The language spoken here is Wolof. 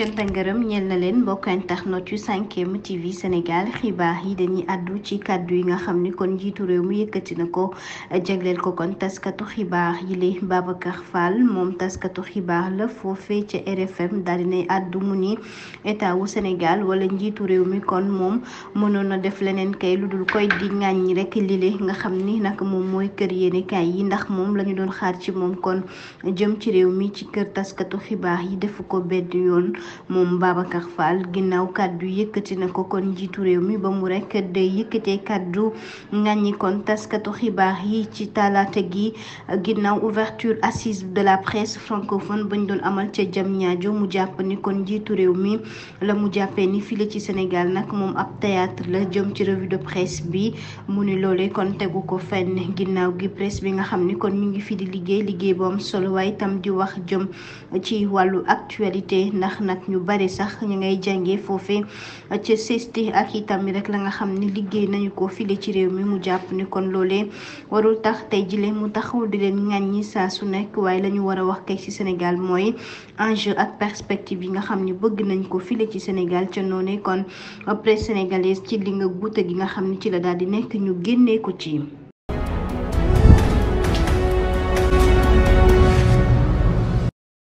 cant ak ngërëm ñeel na leen mbokk not yu 5M TV Sénégal xibaar yi dañuy àddu ci kàddu yi nga xam ni kon njiitu réew mi yëkkati na ko jagleel ko kon taskatu xibaar yi li Babacar Fall moom taskatu xibaar la foofee ca RFM daal dinay àddu mu ni état wu Sénégal wala njiitu réew mi kon moom mënoon na def leneen kay lu dul koy di ŋàññi rek lile nga xam ni nag moom mooy kër yéenekaay yi ndax moom la ñu doon xaar ci moom kon jëm ci réew mi ci kër taskatu xibaar yi defu ko bedd yoon moom Babacar Fall ginnaaw kàddu yëkkati na ko kon njiitu réew mi ba mu rekk day yëkkatee kàddu ñaññi kon taskatu xibaar yi ci talaata gi ginnaaw ouverture assise de la presse francophone bañ doon amal ca jam ñaajo mu jàpp ni kon njiitu réew mi la mu jàppee ni file ci Sénégal nag moom ab théâtre la jëm ci revue de presse bi mu ni loolee kon tegu ko fenn ginnaaw gi presse bi nga xam ni kon mu ngi fi di liggéey liggéey bu am solo waaye itam di wax jëm ci wàllu actualité nag ñu bari sax ñu ngay jàngee foofe ci CESTI ak itam mi rek la nga xam ne liggéey nañu ko file ci réew mi mu jàpp ni kon loole warul tax tey jile mu taxaw di leen ŋàññi saa su nekk waaye la ñu war a wax kay ci Sénégal mooy enjeu ak perspective yi nga xam ni bëgg nañ ko file ci Sénégal ca noone kon presse sénégalaise ci li nga guute gi nga xam ne ci la daal di nekk ñu génnee ko ci